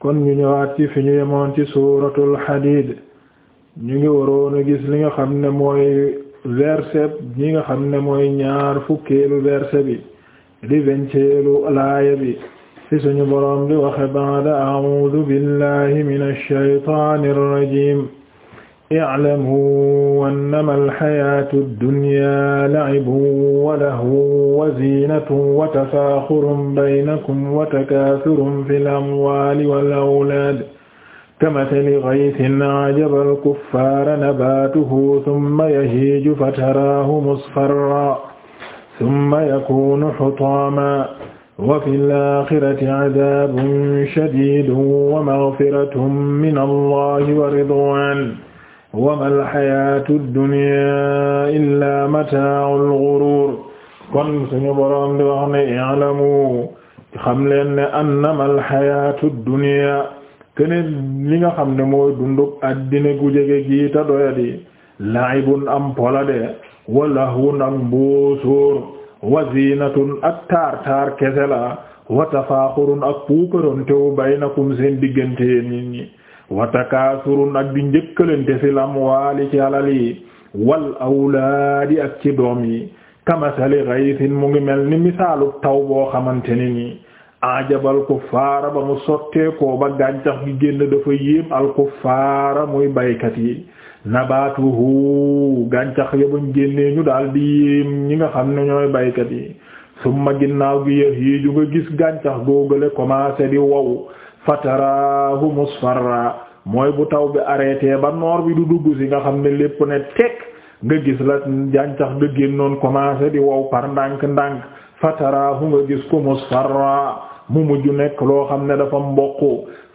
kon ñu ñëwaat ci fi ñu yemoon ci suuratul xadiid ñu ngi waroon a gis li nga xam ne mooy verset ñi nga xam ne mooy ñaar fukkeelu verset bi di vingt-seelu laaya bi fi suñu boroom di waxe ba'da a'uudu billahi minash shaytaanir rajiim i'lamu annama alxayatu dunya la'ibun wa lahwun wa zinatun wa tafaaxurun baynakum wa takaasurun fil amwaali wal awlaad kamathali ghaythin a'jaba al-kuffaara nabaatuhu thumma yahiiju fataraahu musfarran thumma yakuunu hutaaman wa fil aaxirati 'adaabun shadiidun wa maghfiratun min allahi wa ridwaan wa mal xayaatu dunya illaa mataa'ul ghuruur kon suñu boroom di wax ne i'lamu xam leen ne annamal xayaatu dunya kene li nga xam ne mooy dundub addina gu jege gii ta doyadi la'ibun am pola de wa lahwun ak mbuusóor wa taar taar kese la wa tafaaxurun baynakum seen diggante nit watakasurun ak di njëkkalante fil amwaali ci alal yi wal awlaadi ak ci doom yi kamasali ghaythin mu ngi mel ni misaalu taw boo xamante ne ni ajabal kuffaara ba mu sotteekoo ba gàncax gi génn dafa yéem al faara muy baykat yi nabaatuhu gàncax ya bañ génnee ñu daal di yéem ñi nga xam ne ñooy baykat yi su ma ginnaaw gi yahiiju nga gis gàncax googale commencé di wow fataraahu musfarra mooy bu taw bi arrêté ba noor bi du dugg si nga xam ne lépp ne tekk nga gis la jàncax ga génnoon commencé di wow par ndànk-ndànk fataraahu nga gis ko musfarra mu mujj nekk loo xam ne dafa mboq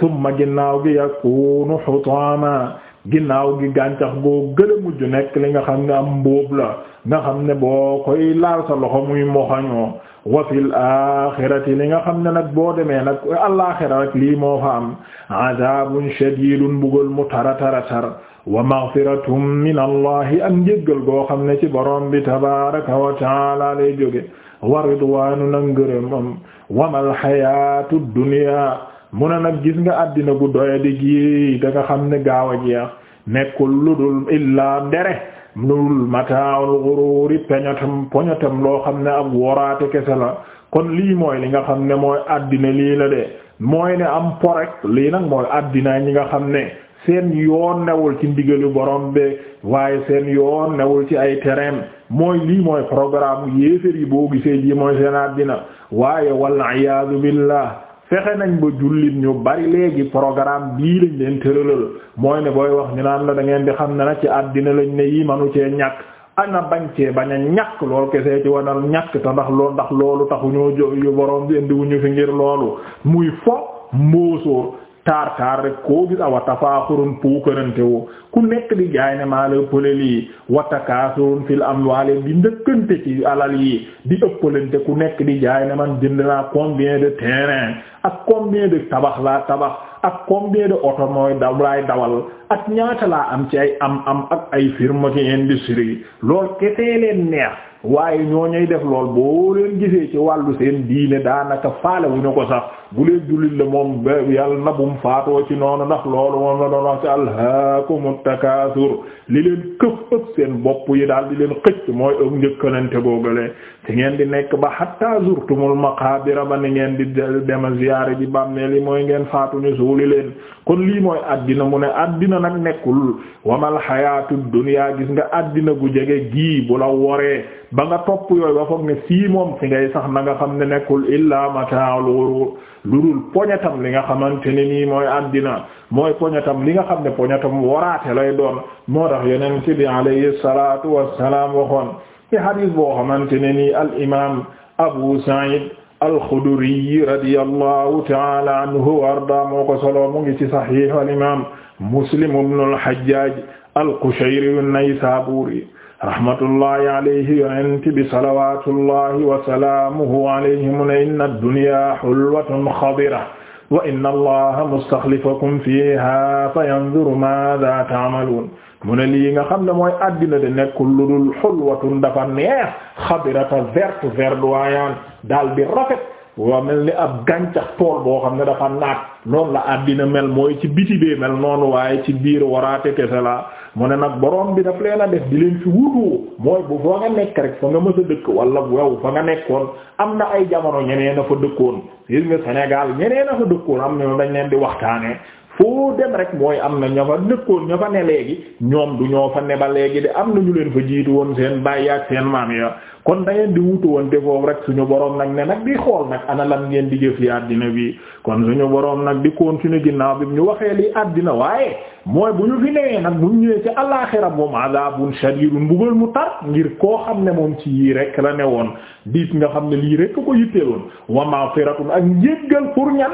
summa ginnaaw gi yakunu hutama ginnaaw gi gàncax goo gën a mujj nekk li nga xam ne am mbóob la nga xam ne boo koy laal sa loxo muy moxañoo wa fil axirati li nga xam ne nag boo demee nag alaaxira rek lii moo fa am adabun shadidun bugal mu tara tara tar wa maghfiratum min allahi ak njéggal goo xam ne ci borom bi tabaraka wa taala lay jóge wa ridwaanu nag ngërëmam wamal xayaatu dunya mu ne nag gis nga àddina gu doyadi gi danga xam ne gaaw a jeex nekkul ludul illaa ndere lu mataawul gururi peñatam poñatam loo xam ne ak woraate kese la kon lii mooy li nga xam ne mooy àddina lii la de mooy ne am porek lii nag mooy àddina ñi nga xam ne seen yoon newul ci ndigalu borom be waaye seen yoon newul ci ay terrain mooy lii mooy programme yéefér yi boo gisee jii mooy seen àddina waaye wal iyaadu billah fexe nañ ba jullit ñu bari léegi programme bii lañ leen tëralal mooy ne booy wax ñu naan la da ngeen di xam ne na ci àddina lañ ne yi manu cee ñàkk ana bañ cee bañ a ñàkk lool kese ci wanal ñàkk te ndax lool ndax loolu taxu ñu jo yu boroom bi indiwuñu fi ngir loolu muy fo mbóosóor taar taar rek koo gis awa tafaaxurun puukarante woo ku nekk di jaay ne maa la ëppale lii wa takaasurun fil amwaale di njëkkante ci alal yi di ëppalante ku nekk di jaay man jënd naa combien de terrain ak combien de tabax laa tabax ak combien de oto mooy daw laay dawal ak ñaata laa am ci ay am am ak ay firme ci industrie lool kesee leen neex waaye ñoo ñuy def lool boo leen gisee ci wàllu seen diine daanaka faale wu ñu ko sax bu leen jullit la moom yàlla na bum faatoo ci noonu ndax loolu moom la doon wax ci alhaakumut takaasur li leen këf ëpp seen bopp yi daal di leen xëcc mooy ëpp njëkkanante googale ci ngeen di nekk ba hatta zurtumul maqabira ba ni ngeen di dema ziyaare ji bàmmeel yi mooy ngeen faatu ñu suuli leen kon lii mooy àddina mu ne àddina nag nekkul wamal xayaatud dunya gis nga àddina gu jege gii bu la woree ba nga topp yooyu ba foog ne fii moom fi ngay sax na nga xam ne nekkul illa mata'ul ghurur lu dul poñetam li nga xamante ne nii mooy àddina mooy poñatam li nga xam ne poñatam waraate lay doon moo tax yonent bi alayhi salaatu wassalaam waxoon ci hadis boo xamante ne nii al imaam Abu Sa'id al-Khudri radiyallahu ta'ala anhu wa arda moo ko solo mu ngi ci sahih al imaam Muslim ibn al-Hajjaj al-Qushayri an-Naysaburi rahmatullahi alayhi yonent bi salawatullahi wa salaamuhu alayhi mu ne inna ad-dunya hulwatun khadira wa inna allaha mustaxlifakum fiha fa yanzuru maada taamaluun mu ne lii nga xam ne mooy àddina de nekkul lu dul xulwatun dafa neex xabirata verte verdoyante daal bi rafet waa mel ni ab gàncax tool boo xam ne dafa naat noonu la àddina mel mooy ci biti bee mel noonu waaye ci biir waraate kese la mu ne nag boroom bi daf leen a def bi leen fi wutu mooy bu fa nga nekk rek fa nga mës a dëkk wala yow fa nga nekkoon am na ay jamono ñeneen a fa dëkkoon gis nga Sénégal ñeneen a fa dëkkoon am na dañ leen di waxtaane foo dem rek mooy am na ña fa nekkoon ña fa ne léegi ñoom du ñoo fa ne ba léegi de am na ñu leen fa jiitu woon seen bàyyi ak seen maam ya kon da di wutu woon te foofu rek suñu borom nag ne nag di xool nag ana lan ngeen di jëf ci àddina bi kon suñu boroom nag di continuer ginnaaw bi ñu waxee li àddina waaye mooy bu ñu fi newee nag bu ñu ñëwee ci alaaxira moom adabun shadidun mbugal mu tar ngir koo xam ne moom ci yii rek la newoon diit nga xam ne lii rek ko yitteeloon wa maghfiratun ak njéggal pour ñi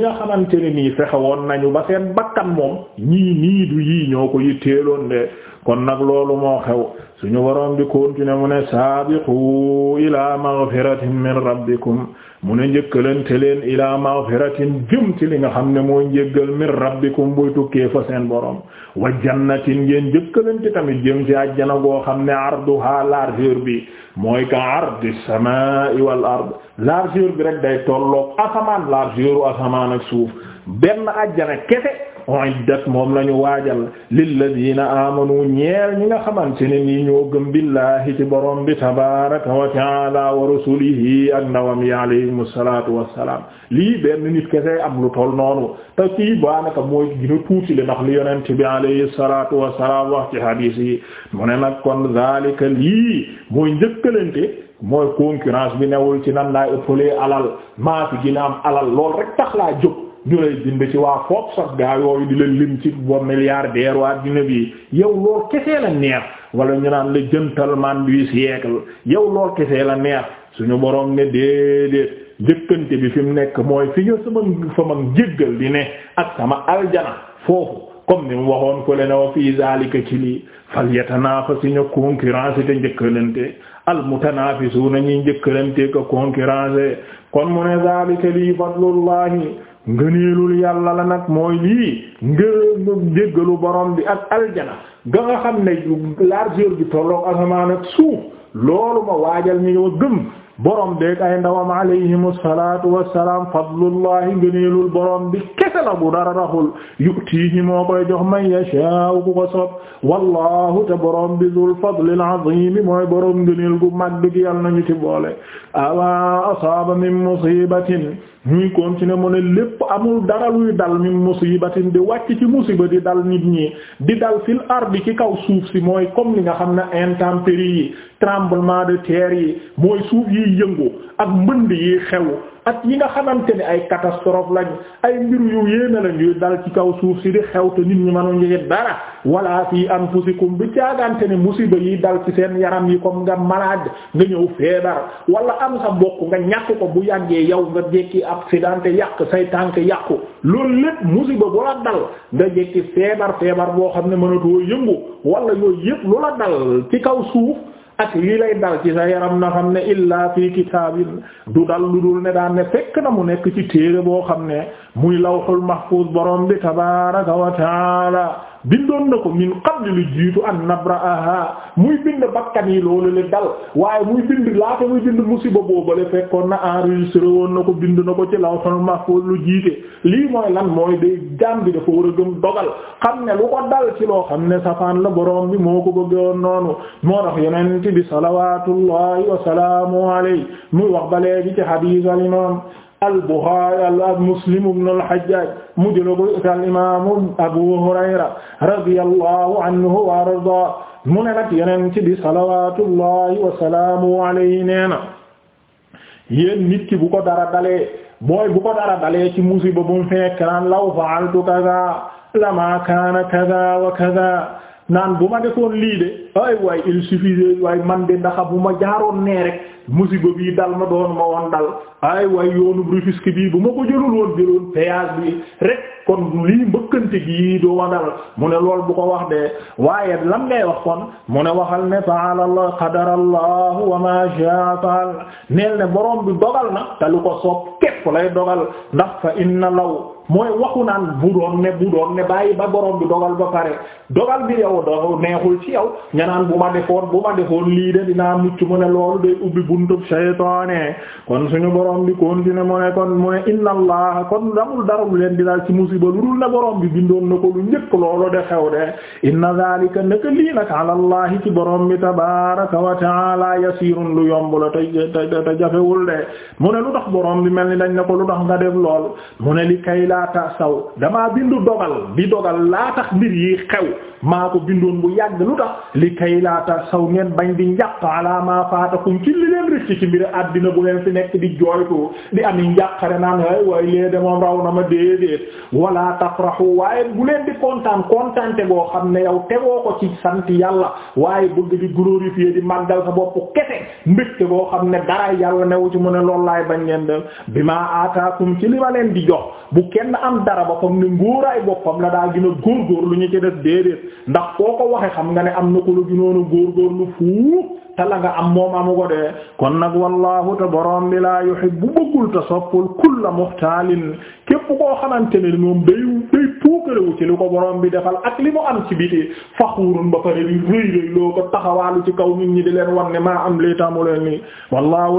nga xamante ne nii fexewoon woon nañu ba seen bakkan moom ñii nii du yii ñoo ko yitteeloon de kon nag loolu moo xew suñu boroom di continuer mu ne saabiqu ila maghfiratin min rabbikum mu ne njëkkalante leen ilaa maghfiratin jëm ci li nga xam ne mooy njéggal min rabbikum buy tukkee fa seen borom wa jannatin ngeen njëkkalante tamit jëm ci àjjana goo xam ne arduha largeur bi mooy ka ardi samaa'i wal ard largeur bi rek day tolloog asamaan largeur u asamaan ak suuf benn àjjana kese uiddat moom lañu waajal lilladina amanu ñeel ñi nga xamante ne nii ñoo gëm billahi ci borom bi tabaraka wa taala wa rasulihi ak ndawam yi alayhimu salaatu wassalaam lii benn nit kese am lu toll noonu te kii baanaka mooy gën a tuuti li ndax li yonent bi alayhi salaatu wassalaam wax ci hadis yi mu ne nag kon zalika lii mooy njëkkalante mooy concurrence bi newul ci nan laay ëppalee alal maa fi gën am alal lool rek tax laa jóg Juray dimbe ci waa foog sax gaa yooyu di la lim ci bo milliardaire waa dina bi yow lool kese la neex wala ñu naan la gentleman du siècle yow lool kese la neex suñu borom ne déedéet jëkkante bi fi mu nekk mooy fi ñu sama fa mag di ne ak sama aljana foofu comme ni mu waxoon ko le ne wa fii zalika ci lii falyatanafasi ñu concurrence te njëkkalante almutanafisuuna ñuy njëkkalante ko concurrence kon mu ne zalika lii fadlullahi ngëneelul yàlla la nag mooy lii ngërëm jéggalu borom bi ak aljana ga nga xam ne largeur bi tolloog asamaan ak suuf loolu ma waajal ñu ma gëm borom beeg ay ndawam alayhim asalatu wasalaam fadlullahi ngëneelul borom bi kese la bu dara raxul yutiihi moo koy jox may yashaaw ku ko sob wallahu te borom bi dul fadlil azimi mooy borom ngëneel gu mag gi yal nañu ci boole awa asaaba min musibatin ñuy continuer mu ne lépp amul dara luy dal min musibatin di wàcc ci musiba di dal nit ñi di dal fil ardi ci kaw suuf si mooy comme li nga xam ne intempérie yi tremblement de terre yi mooy suuf yiy yëngu ak mbënd yi xew ak yi nga xamante ne ay catastrophe lañ ay mbiru yu yéena lañ yuy dal ci kaw suuf si di xew te nit ñi mënuñu dara wala fii anfusikum bi jaagante ne musiba yi dal ci seen yaram yi comme nga malade nga ñëw feebar wala am sa bokk nga ñàkk ko bu yàggee yow nga jekki accidenté yàq say tànk yàqu loolu lépp musiba bu la dal nga jekki feebar feebar boo xam ne mënatoo yëngu wala yooyu yëpp ak lii lay dal ci sa yaram na xam ne illa fi kitaabin du dal lu dul ne daan ne fekk na mu nekk ci téere boo xam ne muy lawhul mahfuz borom bi tabaaraka wa taala bindoon na ko min qabli lu jiitu an nabra'aha muy bind bakkan loolu le dal waaye muy bind laata muy bind musiba boobale fekkoon na enregistré woon na ko bind na ko ci lawhul mahfuz lu jiite lii mooy lan mooy day jàmm bi dafa war a gëm dogal xam ne lu ko dal ci loo xam ne safaan la borom bi moo ko bëggoon noonu moo tax yonent bi salawaatullahi wa salaamu alayhi muy wax ba ci hadiis al imam al-Bukhari al Muslim ibn al-Hajjaj mu jëla ko ci al-imam Abu Hurayra radiyallahu anhu wa arda mu ne nag yonent bi salawatullahi wa salaamu alayhi nee na yéen nit ki bu ko dara dalee booy bu ko dara dalee ci musiba bu mu fekk naan law fa'altu kaza lama kaana kaza wa kaza naan bu ma defoon lii de ay waay il suffisait waay man de ndaxa bu ma jaaroon nee rek musiba bii dal ma doon ma dal ay waay yoonu Rufisque bii bu ma ko jëlul woon jëloon péage bi rek kon lii mbëkkante gii doo ma dal mu ne lool bu ko wax dee waaye lan ngay wax kon mu ne waxal ne ta'ala Allah qadara Allah wa ma sha'a fa'al neel ne borom bi dogal na te lu ko soob képp lay dogal ndax fa inna law mooy waxu naan bu doon ne bu doon ne bàyyi ba borom bi dogal ba pare dogal bi yow do neexul ci yow ña naan bu ma defoon bu ma defoon lii de dinaa mucc mu ne loolu day ubbi buntu saytaane kon suñu borom bi continué mu ne kon mu ne inna allah kon damul dara leen di daal ci musiba lu dul ne borom bi bindoon na ko lu njëkk loolu de xew de inna zalika naka lii nag ala allah ci borom bi tabaaraka wa ta'ala yasirun lu yomb la te te jafewul de mu ne bi mel ni dañ ne ko lu tax laa tax saw damaa bindu dogal di dogal laa tax mbir yi xew maa ko bindoon bu yàgg lu tax li kay laata saw ngeen bañ di njàq ala ma faatakum ci li leen rëcc ci mbir àddina bu leen fi nekk di jooytu di am i njàqare moom raw na ma déedéet wala tafrahu waaye bu leen kontaan kontaante boo xam ne yow tegoo ko sant yàlla waaye bëgg di glorifier di màggal sa boo xam ne dara yàlla newu ci mu ne loolu laay bañ ngeen dem bi maa jox bu kenn am dara ba comme ni nguuraay boppam la daa gën a góorgóor lu ñu ci def déedéet ndax koo ko waxe xam nga ne am na ko lu ginoonu góorgóorlu fuuf la nga am moom amu ko dee kon nag wallahu bi laa yuhibbu bëggul te soppul kulla muxtaalin képp koo xamante ne moom day day puukarewu ci li ko borom bi defal ak li mu am ci biti faxuurun ba pare di rëy rëy loo ko taxawaalu ci kaw nit ñi di leen wan maa am lii tamu leen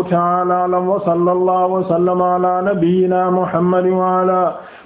ta'ala a'lam wa sallallahu wa sallama ala nabiyyina muhammadin wa ala